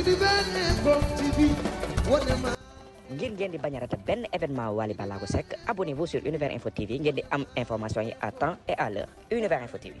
ngir ngeen di bañ a rata benn événement Wally Ballago Seck abonnez-vous sur Univers Info TV ngeen di am information yi à temps et à l'heure Univers Info TV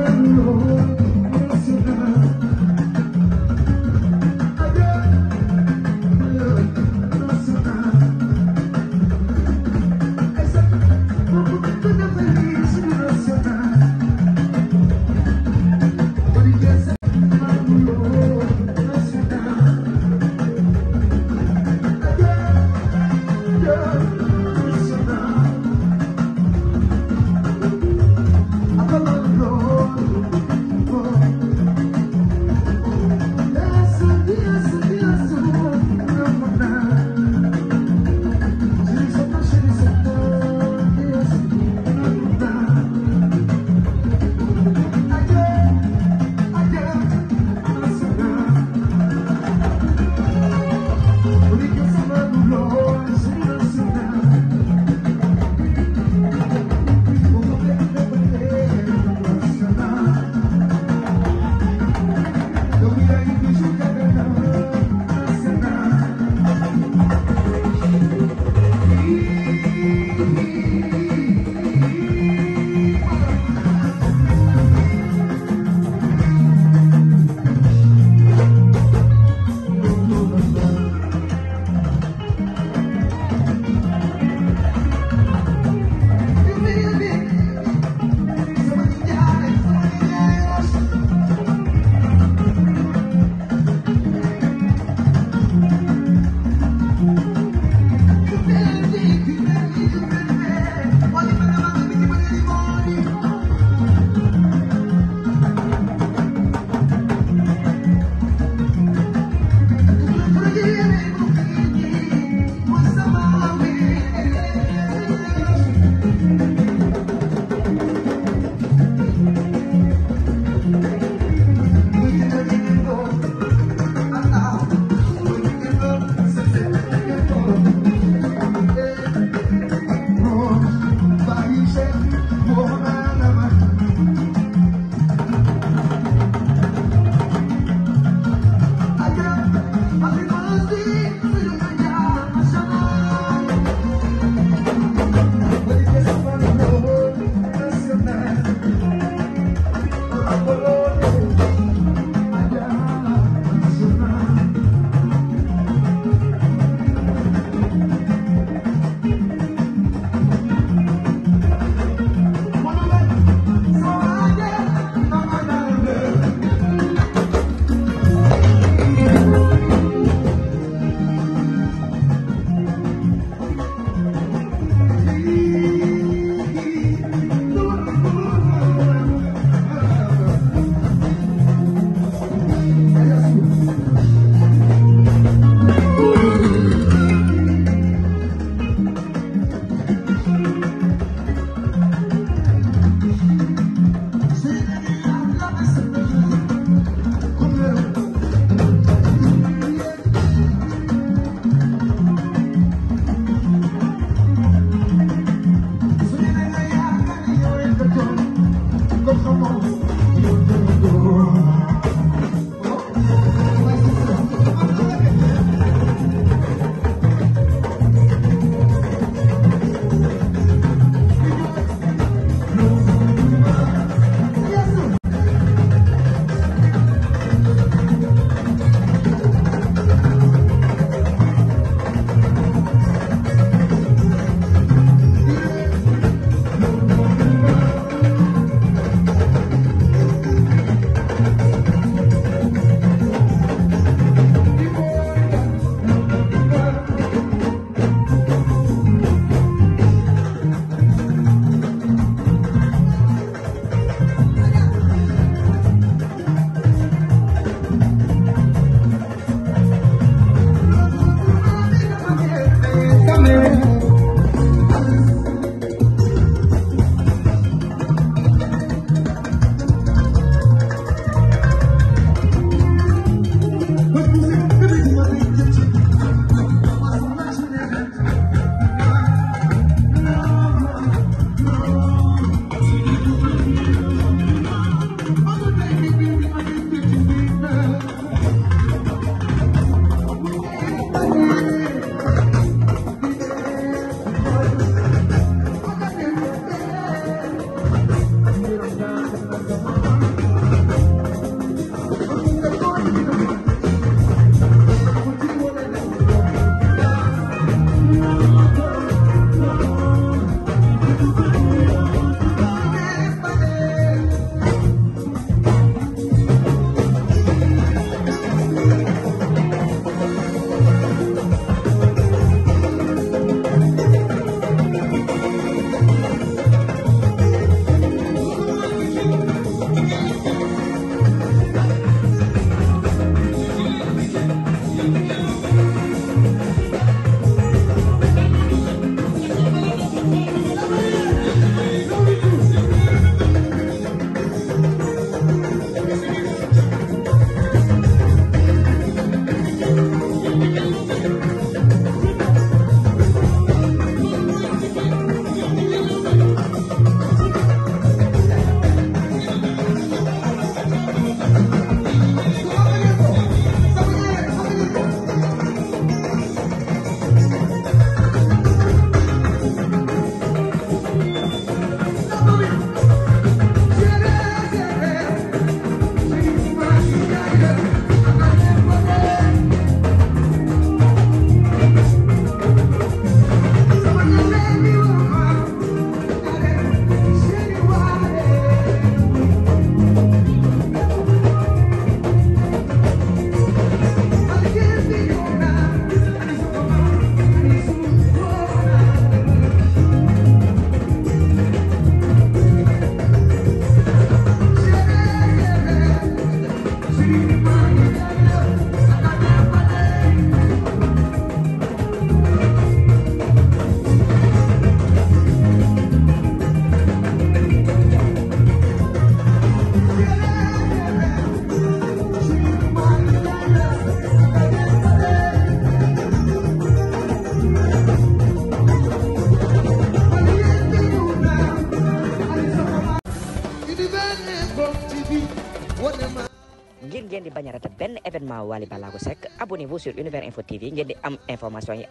benn événement Wally Ballago Seck abonnez-vous sur Univers Info TV ngeen di information yi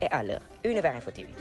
et à l'heure Univers Info TV